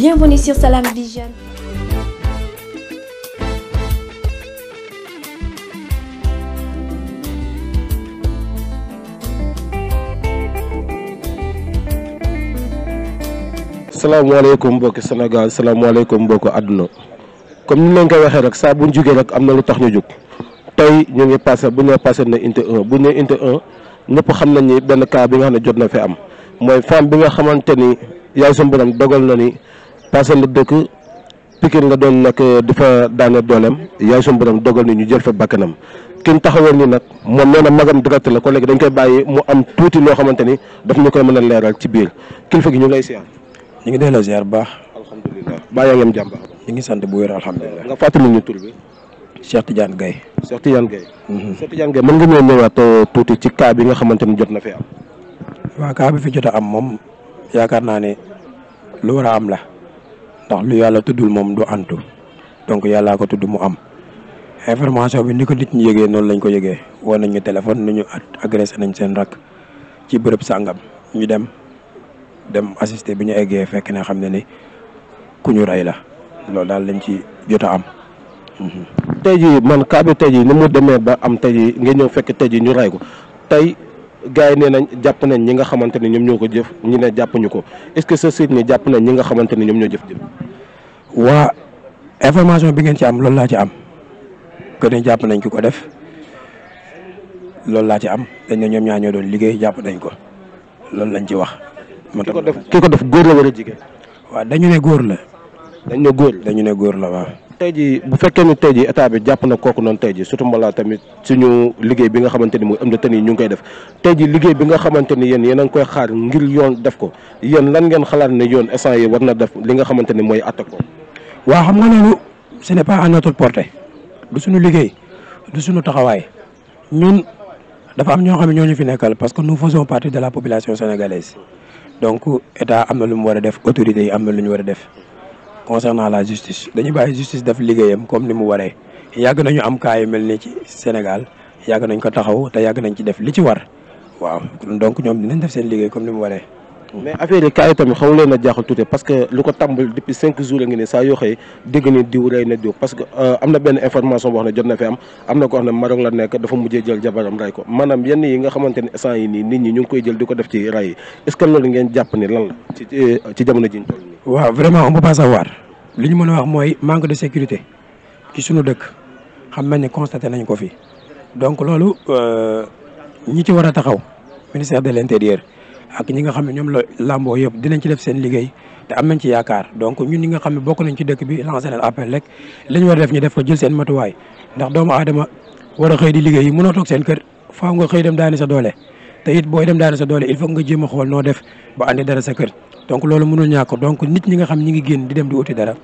Bienvenue sur Salam Vision. salaamaaleykum mbokki Sénégal salaamaaleykum mbokki àdduna comme ni ma koy waxee rek saa bu ñu rek am na lu tax ñu jóg tey ñu ngi passé bu ñu passé na unité 1 bu ñu nee unité 1 ñëpp xam nañ ni benn cas bi nga xam ne jot na fi am mooy femme bi nga xamante ni yaay sa borom dogal na ni parcelle la dëkk Pikine nga doon nekk di fa daane dooleem yaay suñu borom dogal ni ñu jël fa bakkanam kenn taxawal ni nag moom nee na magam direct la ko léegi dañ koy bàyyi mu am tuuti loo xamante ni daf ñu koy mën a leeral ci biir kilifa gi ñu ngi lay ñu ngi delloo ziar bu baax. alhamdulilah baa yaa ngi am jàmm ñu ngi sant bu wér alhamdulilah. nga fàttali ñu tur bi. Cheikh Tidiane Gueye. Cheikh Tidiane Gueye. Mhm. Cheikh mën nga ñëw ñëwaat euh, tuuti ci cas bi nga xamante ni jot na fee am. waaw cas bi fi jot a am moom yaakaar naa ne lu war a am la ndax lu yàlla tuddul moom du antu donc yàllaa ko tudd mu am information bi ni ko nit ñi yëgee noonu lañ ko yëgee woo nañ ñu téléphone nu ñu agressé nañ seen rak ci bërëb sàngam ñu dem dem assister bi ñu eggee fekk ne xam ne ni ku ñu rey la loolu daal lañ ci jot am. Mhm. tey jii man kaa bi tey jii ni mu demee ba am tey jii nga ñëw fekk tey jii ñu rey ko tey gars yi nee nañ jàpp nañ ñi nga xamante ni ñoom ñoo ko jëf ñu ne jàpp ñu ko est-ce que sa site jàpp nañ ñi nga xamante ni ñoom ñoo jëf. waa information bi ngeen ci am loolu laa ci am que ne jàpp nañ ki ko def loolu laa ci am dañ ne ñoom ñaa ñoo doon liggéey jàpp nañ ko loolu lañ ci wax. moo tax ki ko def góor la war a jigéen. waaw dañu ne góor la. dañu ne góor dañu ne góor la waa tey jii bu fekkee ni tey ji état bi jàpp na kooku noonu tey jii surtout mbala tamit suñu liggéey bi nga xamante ni mooy am na tën yi ñu ngi koy def tey jii liggéey bi nga xamante ni yéen yéen a ngi koy xaar ngir yoon def ko yéen lan ngeen xalaat ne yoon instant yi war na def li nga xamante ni mooy attaque ko waa xam nga loolu ce n'est pas à notre portée du suñu liggéey du suñu taxawaay ñun dafa am ñoo xam ne ñoo ñu fi nekkal parce que nu faisons partie de la population sénégalaise donc état am na lu mu war a def autorités yi am na lu ñu war a def concernant la justice dañu bàyyi justice def liggéeyam comme ni mu waree yàgg nañu am cas yu mel ni ci Sénégal yàgg nañ ko taxaw te yàgg nañ ci def li ci war waaw donc ñoom dinañ def seen liggéey comme ni mu waree. mais affaire yi kaay tamit xaw leen a jaaxal tuuti parce que lu ko tàmbal depuis cinq jours a ngi ne saa yoo xëy dégg ni diw rey na diw parce que euh, am na benn information boo xam ne jot na fi am na ko xam ne Maroc la nekk dafa mujjee jël jabaram rey ko maanaam yenn yi nga xamante ne instant yi nii nit ñu ngi koy jël di ko def ci rey yi est ce que loolu ngeen jàpp ni lan la ci jamono ji ñu toll nii waaw vraiment on peut pas savoir ñu mën a wax mooy manque de sécurité ci suñu dëkk xam nañ ne constaté nañ ko fi donc loolu euh, ñi ci war a taxaw ministère de l'intérieur ak ñi nga xam ne ñoom la làmboo yëpp dinañ ci def seen liggéey te am ci yaakaar donc ñun ñi nga xam ne bokk nañ ci dëkk bi lancé leen appel rek li ñu war a def ñu def seen matuwaay ndax doomu aadama war xëy di liggéey mënoo seen kër faaw nga xëy dem daani sa doole te it booy dem daani sa doole il faut nga jéem a xool noo def ba andi dara sa kër donc loolu mënul ñàkk donc nit ñi nga xam ñi ngi génn di dem di uti dara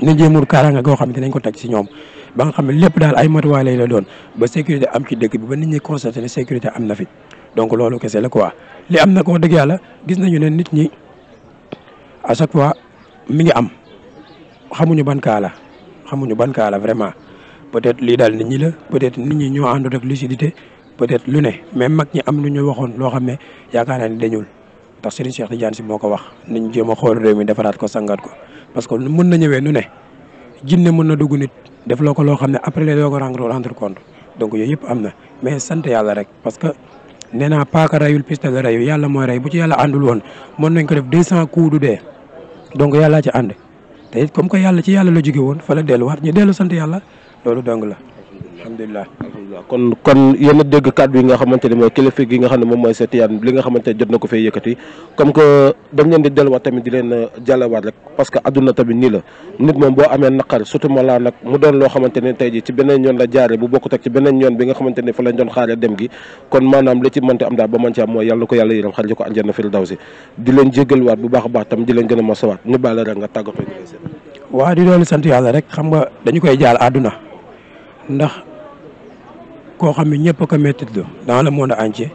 nañ jéemul kaaraanga goo xam ne dinañ ko teg si ñoom ba nga xam ne lépp daal ay matuwaay lay la doon ba sécurité am ci dëkk bi ba nit ñi constaté ne sécurité am na fi donc loolu kese la quoi li am nag wax dëgg yàlla gis nañu ne nit ñi à chaque fois mi ngi am xamuñu ban kaa xamuñu ban kaa vraiment peut-être lii daal nit ñi la peut-être nit ñi ñoo àndut ak lucidité peut-être lu ne mais mag ñi am lu ñu waxoon loo xam ne yaakaar naa ne dañul ndax Serigne Cheikh Tidiane si moo ko wax nañ jéem a xool réew mi defaraat ko sangaat ko parce que mën na ñëwee nu ne ne mun na dugg nit def loo ko loo xam ne après la ko rendre rendre compte donc yooyu yëpp am na mais nee naa paaka rayul pistolet rayu yàlla mooy ray bu ci yàlla àndul woon mën nañ ko def deux cent coups du dee donc yàllaa ci ànd te comme que yàlla ci yàlla la jóge woon fala la delluwaat ñu dellu sant yàlla loolu dong la alhamdulilah alhamdulilah kon kon a dégg kàddu yi nga xamante ne mooy kilifa gi nga xam ne moom mooy seet yaan li nga xamante ne jot na ko fee yëkkati comme que dañ leen di delluwaat tamit di leen euh, la nit tey ji ci beneen yoon la jaare bu bokkut ak ci beneen yoon am baax baax tam di leen gën a masawaat ñu bàyyi rek nga tàggatoo waaw nga dañu koy jaal àdduna ndax koo xam ne ñëpp a ko méttitlu dans le monde entier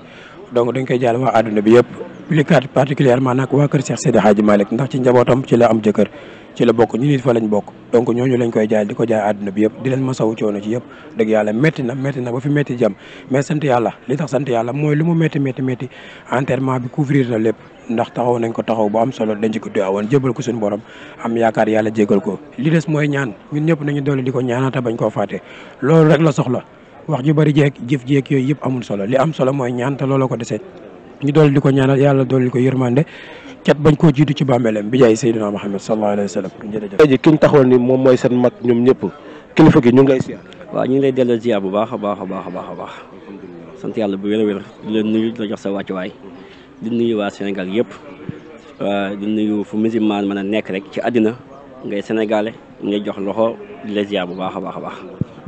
donc dañ koy jaal waa àdduna bi yëpp plus particulièrement nag waa kër Cheikh Seydi Hadji Malick ndax ci njabootam ci la am jëkkër ci la bokk ñu nit fa lañ bokk donc ñooñu lañ koy jaal di ko jaay àdduna bi yëpp di leen masawu coono ci yëpp dëgg yàlla métti na métti na ba fi métti jam mais sant yàlla li tax sant yàlla mooy lu mu métti métti métti bi couvrir na lépp ndax taxaw nañ ko taxaw bu am solo dañ ci ko tuwaawoon jébal ko suñu borom am ko li des mooy ñaan ñun ñëpp nañu doole di ko la soxla wax ju bari jeeg jëf jeeg yooyu yëpp amul solo li am solo mooy ñaan te ko dese ñu dool di ko ñaanal yàlla dool di ko yërmande cat bañ koo jiitu ci bàmmeelam bi jaay Seydina Muhammad sallallahu alayhi wa sallam jërëjëf tey ji ki ñu seen mag ñoom ñëpp kilifa gi ñu ngi lay ziar waaw lay delloo ziar bu baax a baax baax a a baax sant yàlla bu wér a wér di leen nuyu la jox sa wàccuwaay di nuyu waa Sénégal yëpp di nuyu fu musulman mën a nekk rek ci àddina ngay sénégalais ngay jox loxo di la ziar bu baax a baax a baax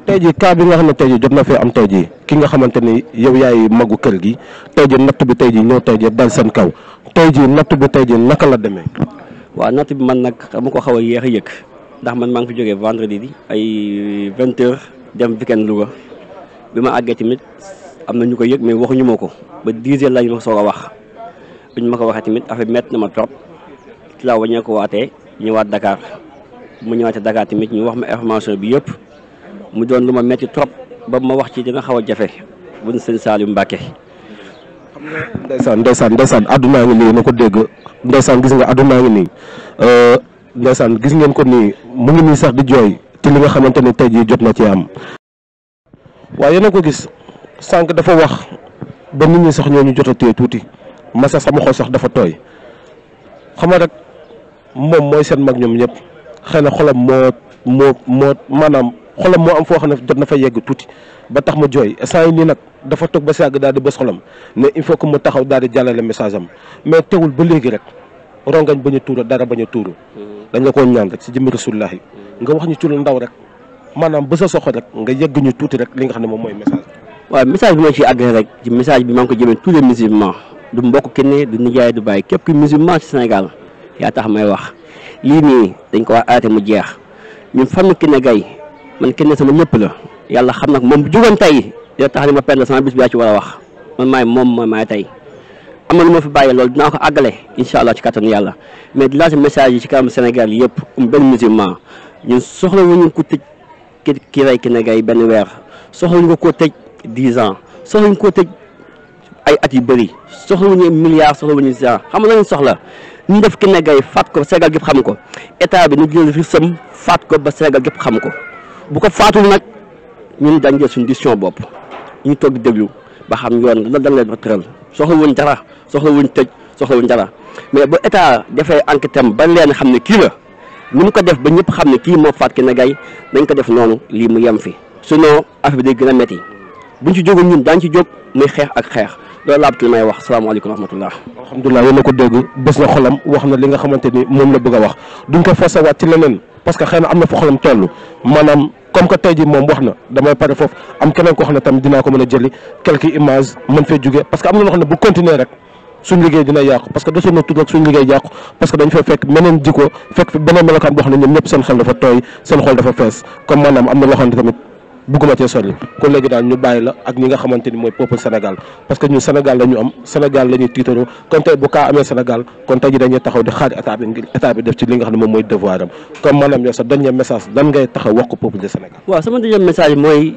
tey jii cas bi nga xam ne tey jii jot na fee am tey jii ki nga xamante ni yow yaay magu kër gi tey jii natt bi tey jii ñëw tey jii dal seen kaw tey jii natt bi tey jii naka la demee. waaw natt bi man nag dama ko xaw a yéex a yëg ndax man maa ngi fi jógee vendredi bi ay vingt heures dem weekend Louga bi ma àggee tamit am na ñu ko yëg mais waxuñu ma ko ba dix heures lañ ma soog a wax buñ ma ko waxee tamit affaire mett na ma trop ci laa wañee ko waatee ñëwaat Dakar mu ñëwaatee Dakar tamit ñu wax ma information bi yëpp. mu doon lu ma metti trop ba ma wax ci dina xaw a jafe buñ sëñ Saliou Mbacke. xam nga ndeysaan ndeysaan ndeysaan àdduna ngi nii na ko dégg ndeysaan gis nga àdduna ngi nii euh, ndeysaan gis ngeen ko nii mu ngi nii sax di jooy te li nga xamante ne tey jii jot na ci am. waaye yéen a ko gis sànq dafa wax ba nit ñi sax ñoo ñu jot a tuuti masa sama xol sax dafa tooy xam nga rek moom mooy seen mag ñoom ñëpp xëy na xolam moo moo moo maanaam. xolam moo am foo xam ne jot na fa yegg tuuti ba tax mu jooy saa yi nii nag dafa toog ba si yàgg daal di bës xolam ne il faut que mu taxaw daal di jàllale message am mais teewul ba léegi rek rongañ bañ a tuuru dara bañ a tuuru. Mm-hmm. dañ la ko ñaan rek si jëmmi rasulullahi mm-hmm. nga wax ñu ci lu ndaw rek maanaam ba sa soxo rek nga yegg ñu tuuti rek li nga xam ne moom mooy message bi. waaw message bi ma ciy rek ci bi maa ngi ko jëmee tous les musulmans du mbokk kenn du nijaay du bàyyi képp ki musulman ci Sénégal yaa tax may wax lii nii dañ ko war arrêté mu jeex ñun famille Kiné Gaye man kenn sama ñëpp la yàlla xam nag moom bu jugoon tey dina tax ni ma perdre sama bis bi daa ci war a wax man maay moom mooy maay tey am na lu ma fi bàyyi loolu dinaa ko àggale incha allah ci kattanu yàlla mais di lancer message yi ci kanam Sénégal yëpp um benn musulman ñun soxla wuñu ko tëj ki ki rey ki ne gay benn weer soxla wuñu ko koo tëj dix ans soxla koo tëj ay at yu bëri soxla wuñu milliards soxla wuñu soxla ñu def ki ne gay faat ko Sénégal gépp xam ko état bi ñu jël fi ko ba Sénégal gépp xam ko bu ko faatul nag ñun dañ jël suñu décision bopp ñu toog di déglu ba xam yoon la dañ leen fa tëral soxla wuñ dara soxla wuñ tëj soxla wuñ dara mais ba état defee enquête am ba leen xam ne kii la ni mu ko def ba ñëpp xam ne kii moo faat ki na gay dañ ko def noonu lii mu yem fi sinon affaire bi day gën a bu buñ ci jógoon ñun daañu ci jóg muy xeex ak xeex loolu laa li may wax salaamaaleykum wa rahmatullah alhamdulilah yéen a ko dégg bés na xolam wax na li nga xamante ni moom la bëgg a wax duñ ko fasawaat ci leneen parce que xëy na am na fu xolam toll maanaam comme que tey moom wax na damay pare foofu am keneen koo xam ne tamit dinaa ko mën a jëli quelques images mën fee jugee parce que am na loo ne bu continuer rek suñ liggéey dina yàqu parce que dañ fay fekk meneen jikko fekk fi beneen melokaan boo xam ñëpp seen xel dafa tooy seen xol dafa fees comme maanaam am na loo tamit bugguma cee sori kon léegi daal ñu bàyyi la ak ñi nga xamante ni mooy peuple Sénégal parce que ñun Sénégal la ñu am Sénégal la ñuy tiitaroo kon tey bu kaa amee Sénégal kon tey ji dañuy taxaw di xaar état bi état bi def ci li nga xam ne moom mooy devoir am comme maanaam yow sa dernier message lan ngay taxaw wax ko peuple de Sénégal. waaw sama dernier message mooy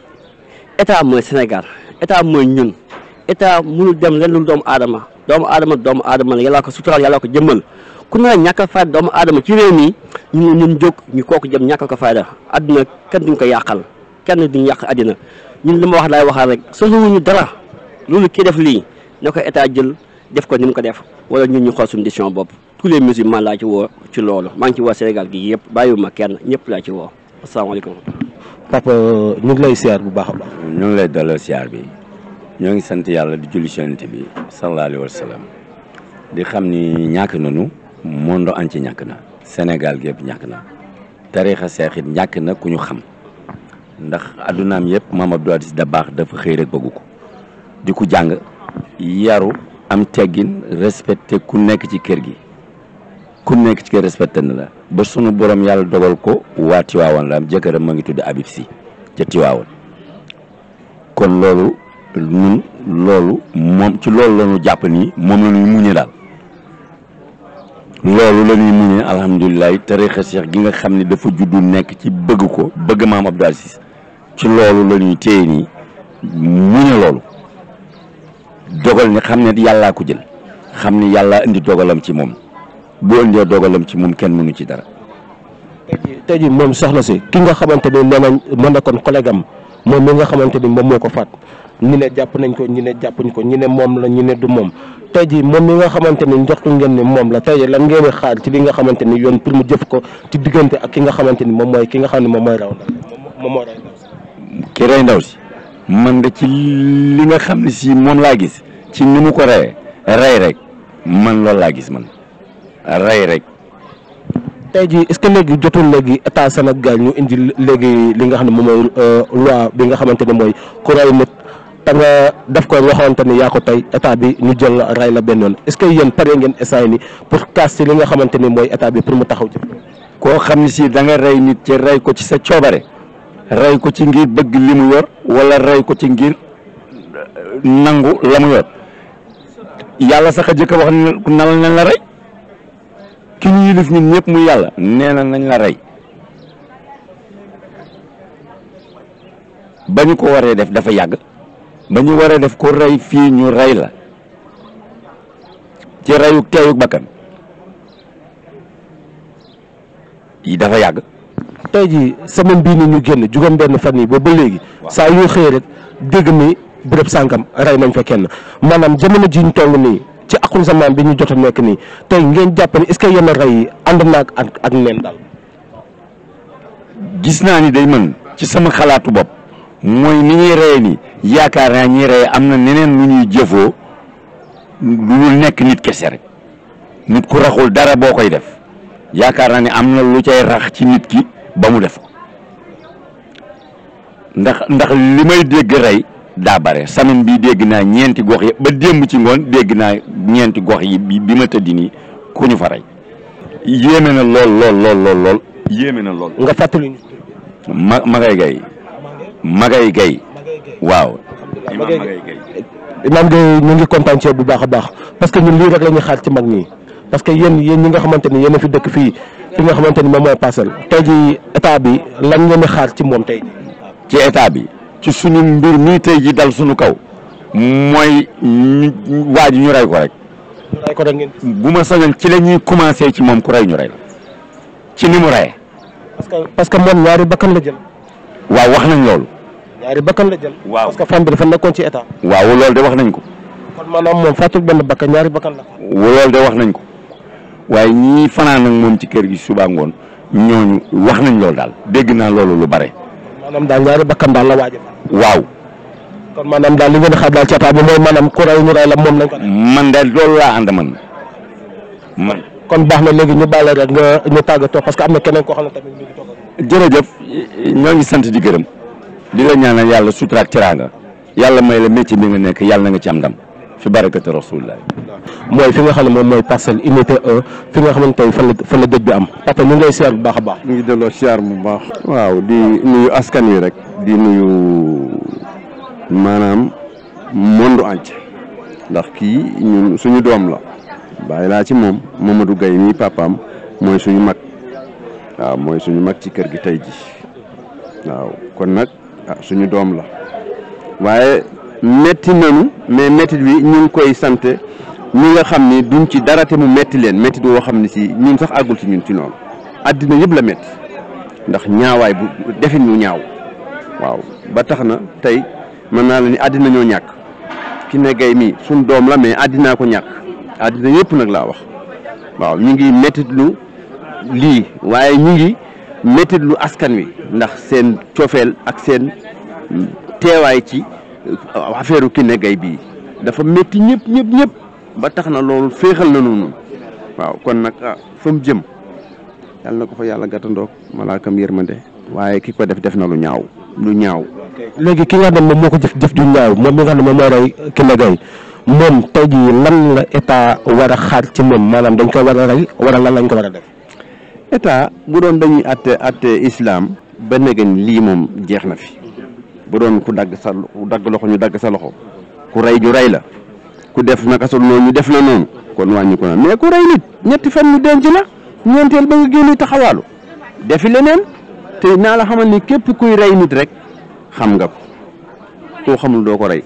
état mooy Sénégal état mooy ñun état mënul dem len lu doomu aadama doomu aadama doomu aadama la yàllaa ko suturaal yàllaa ko jëmmal ku na ñàkk a fayda doomu aadama ci réew mi ñun ñun jóg ñu kooku jëm ñàkk ko fayda àdduna kenn duñ ko yàqal kenn duñu yàq àddina ñun li ma wax laay waxaat rek soxlawuñu dara loolu kii def lii na ko état jël def ko ni mu ko def wala ñun ñu xool suñu décision bopp tous les musulmans laa ci woo ci loolu maa ngi ci woo Sénégal gi yëpp bàyyiwuma kenn ñëpp laa ci woo asalaamaaleykum. papa ñu ngi lay siyaar bu baax a baax. ñu ngi lay delloo siyaar bi ñoo ngi sant yàlla di julli yonent bi sallallahu alayhi wa di xam ni ñàkk nañu monde ci ñàkk na Sénégal gi yëpp ñàkk na tariixa seexit ñàkk na ku ñu xam. ndax addunaam yëpp maam Abdou Aziz baax dafa xëy rek bëgg ko di ko jàng yaru am teggin respecté ku nekk ci kër gi ku nekk ci kër respecté na la ba sunu borom yàlla dogal ko waa Tiwaawan la am jëkkëram ma ngi tudd Habib Sy ca Tiwaawan kon loolu ñun loolu moom ci loolu la ñu jàpp nii moom la muñe daal loolu la ñuy muñe alhamdulilah tarixa cheikh gi nga xam ne dafa juddu nekk ci bëgg ko bëgg maam Abdou Aziz ci loolu la ñuy téye nii mu ne loolu dogal ni xam ne yàllaa ko jël xam ni yàllaa indi dogalam ci moom boo indee dogalam ci moom kenn mënu ci dara. tey jii moom soxna si ki nga xamante ni nee nañ mën na kon collègue am moom nga xamante ni moom moo ko faat ñu ne jàpp nañ ko ñu ne jàppuñ ko ñu ne moom la ñu ne du moom tey jii moom nga xamante ni njoxtu ngeen ni moom la tey jii lan ngeen ci li nga xamante ni yoon pour mu jëf ko ci diggante ak ki nga xamante ni moom mooy ki nga xam ne moom mooy raw na moom mooy raw ki rey ndaw si man de ci li nga xam ne si moom laa gis ci ni mu ko reyee rey rek man loolu laa gis man rey rek. tey jii est-ce que léegi jotul léegi nag Sénégal ñu indi léegi li nga xam ne moom mooy euh, loi bi nga xamante ne mooy ku rey nit te nga def ko nga xamante ne yaa ko tey état bi ñu jël la rey la benn yoon est-ce que yéen ngeen essayé ni pour kaas ci li nga xamante ne mooy état bi pour mu taxaw ci. koo xam ne si da nga rey nit ci rey ko ci sa coobare. rey ko ci ngir bëgg li mu yor wala rey ko ci ngir euh, nangu la mu yàlla sax a jëkk wax na nañ la rey ki ñu yilif ñun ñëpp muy yàlla nee na nañ la rey ba ñu ko waree def dafa yàgg ba ñu waree def ko rey fii ñu rey la ci reyu teeyug bakkan yi dafa yàgg tey jii semaine bii ni ñu génn juróom benn fan yi boobu ba léegi saa yoo xëy rek dégg ni béréb sànkam rey nañ fa kenn maanaam jamono ji ñu toll nii ci akul zaman bi ñu jot a nekk nii tey ngeen jàpp ni est-ce que yenn rey yi ànd naag ak ak neen daal gis naa ni day mën ci sama xalaatu bopp mooy ni ñuy reye ni yaakaar naa ñuy reye am na neneen lu ñuy jëfoo lu nekk nit kese rek nit ku raxul dara boo koy def yaakaar naa ni am na lu cay rax ci nit ki ba mu def ndax ndax li may dégg rey daa bare semaine bi dégg naa ñeenti gox yi ba démb ci ngoon dégg naa ñeenti gox yi bi ma tëddi nii ku ñu fa rey yéeme na lool lool lool yéeme na lool nga fàttali ñu ma magay gay magay gay waaw imaam magay gay imaam ñu ngi kontaan bu baax a baax parce que ñun lii rek la ñuy xaar ci mag ñi parce que yéen yéen ñi nga xamante ni yéen fi dëkk fii fi nga xamante ni moom mooy parcelle tey ji état bi lan ngeen di xaar ci moom tey ci état bi ci suñu mbir mii tey ji dal suñu kaw mooy waa ji ñu rey ko rek bu ma sañoon ci la ñuy commencé ci moom ku rey ñu rey la ci ni mu reyee parce que moom ñaari bakkan la jël waaw wax nañ loolu ñaari bakkan la jël waaw parce que femme bi nekkoon ci état waaw loolu de wax nañ ko kon maanaam moom fàttul benn bakkan ñaari bakkan la loolu de wax nañ ko waaye ñii fanaan moom ci kër gi suba ngoon ñooñu wax nañ loolu daal dégg naa loolu lu bare. maanaam daal ñaari bakkan daal la waaj waaw. kon maanaam daal li ngeen xam daal ci état bi mooy maanaam ku rey la moom lañ man daal loolu laa ànd man man. kon baax na léegi ñu bàyyi rek nga ñu tàggatoo parce que am na keneen koo xam ne tamit ñu jërëjëf ñoo ngi sant di gërëm di la ñaanal yàlla sutura ak yàlla may la métier bi nga nekk yàlla na nga ci am ndam. fi barakati rasulillah mooy fi nga xam ne moom mooy parcelle unité 1 fi nga xamante ni fan la fan la dëj bi am papa ñu ngi lay siyaar bu baax a baax. ñu ngi delloo siyaar bu baax. waaw di nuyu askan wi rek. di nuyu maanaam monde entier ndax kii suñu doom la bàyyi laa ci moom moom Mamadou gay mii papaam mooy suñu mag waaw mooy suñu mag ci kër gi tey ji waaw kon nag ah, suñu doom la waaye. metti nañu mais mettit wi ñu ngi koy sant ñi nga xam ni duñ ci dara te mu metti leen mettit woo xam ne si ñun sax àggul ci ñun ci noonu àddina yëpp la metti ndax ñaawaay bu defin mu ñaaw waaw ba tax na tey mën naa la ni àddina ñoo ñàkk ki ne gay mii suñ doom la mais àddinaa ko ñàkk àddina yëpp nag laa wax waaw ñu ngi mettitlu lii waaye ñu ngi mettitlu askan wi ndax seen cofeel ak seen teewaay ci Euh, affaire Kiné Gaye bii dafa métti ñëpp ñëpp ñëpp ba tax na loolu féexal na noonu waaw kon nag ah fa jëm yàlla na ko fa yàlla gàttandoog malaakam yërmande waaye ki ko def def na lu ñaaw lu ñaaw. léegi ki nga dem moom moo ko jëf jëf ju ñaaw moom mi nga xam moom moo rey moom tey jii lan la état war a xaar ci moom maanaam dañ ko war a rey wala lan lañ ko war a def. état bu doon dañuy àtte àtte islam ba léegi lii moom jeex na fi. bu doon ku dagg sa dagg loxo ñu dagg sa loxo ku rey ñu rey la ku def naka sa noonu ñu def la noonu kon wàññi ko na mais ku rey nit ñetti fan ñu denc la ñeenteel ba nga génn taxawaalu defi leneen te naa la xamal ni képp kuy rey nit rek xam nga ko koo xamul doo ko rey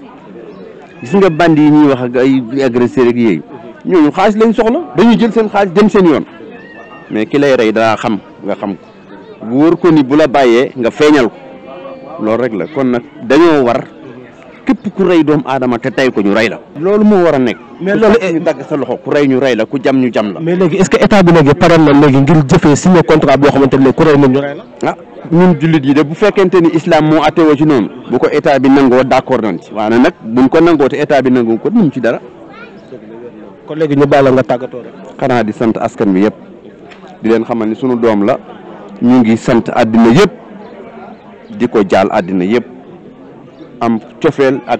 gis nga bandi yi ñuy wax ak ay agresseur ak yooyu xaalis lañ soxla dañuy jël seen xaalis dem seen yoon mais ki lay rey daa xam nga xam ko wóor ko ni bu la bàyyee nga feeñal ko loolu rek la kon nag dañoo war képp ku rey doom aadama te tey ko ñu rey la. loolu moo war a nekk. mais loolu ñu dagg sa loxo ku rey ñu rey la ku jam ñu jam la. mais léegi est-ce état bi léegi pare na léegi ngir jëfee signé contrat boo xamante ne ku rey ñu rey la. ah yi de bu fekkente ni islam moo atteewoo ci noonu. bu ko état bi nangoo d'accord nañ ci. waaw nag buñ ko nangoo te état bi nangoo ko duñ ci dara. kon léegi ñu bàyyi nga tàggatoo rek. xanaa di sant askan bi yëpp di leen xamal ni sunu doom la ñu ngi sant àddina yëpp di ko jaal àddina yëpp am cofeel ak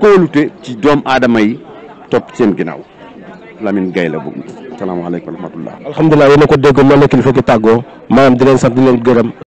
kóolute ci doom aadama yi topp seen ginnaaw Lamine Gaye la bu salaamaaleykum wa rahmatullah alhamdulilah yéen a ko dégg noonu la kilifa gi tàggoo maanaam di leen sant di leen gërëm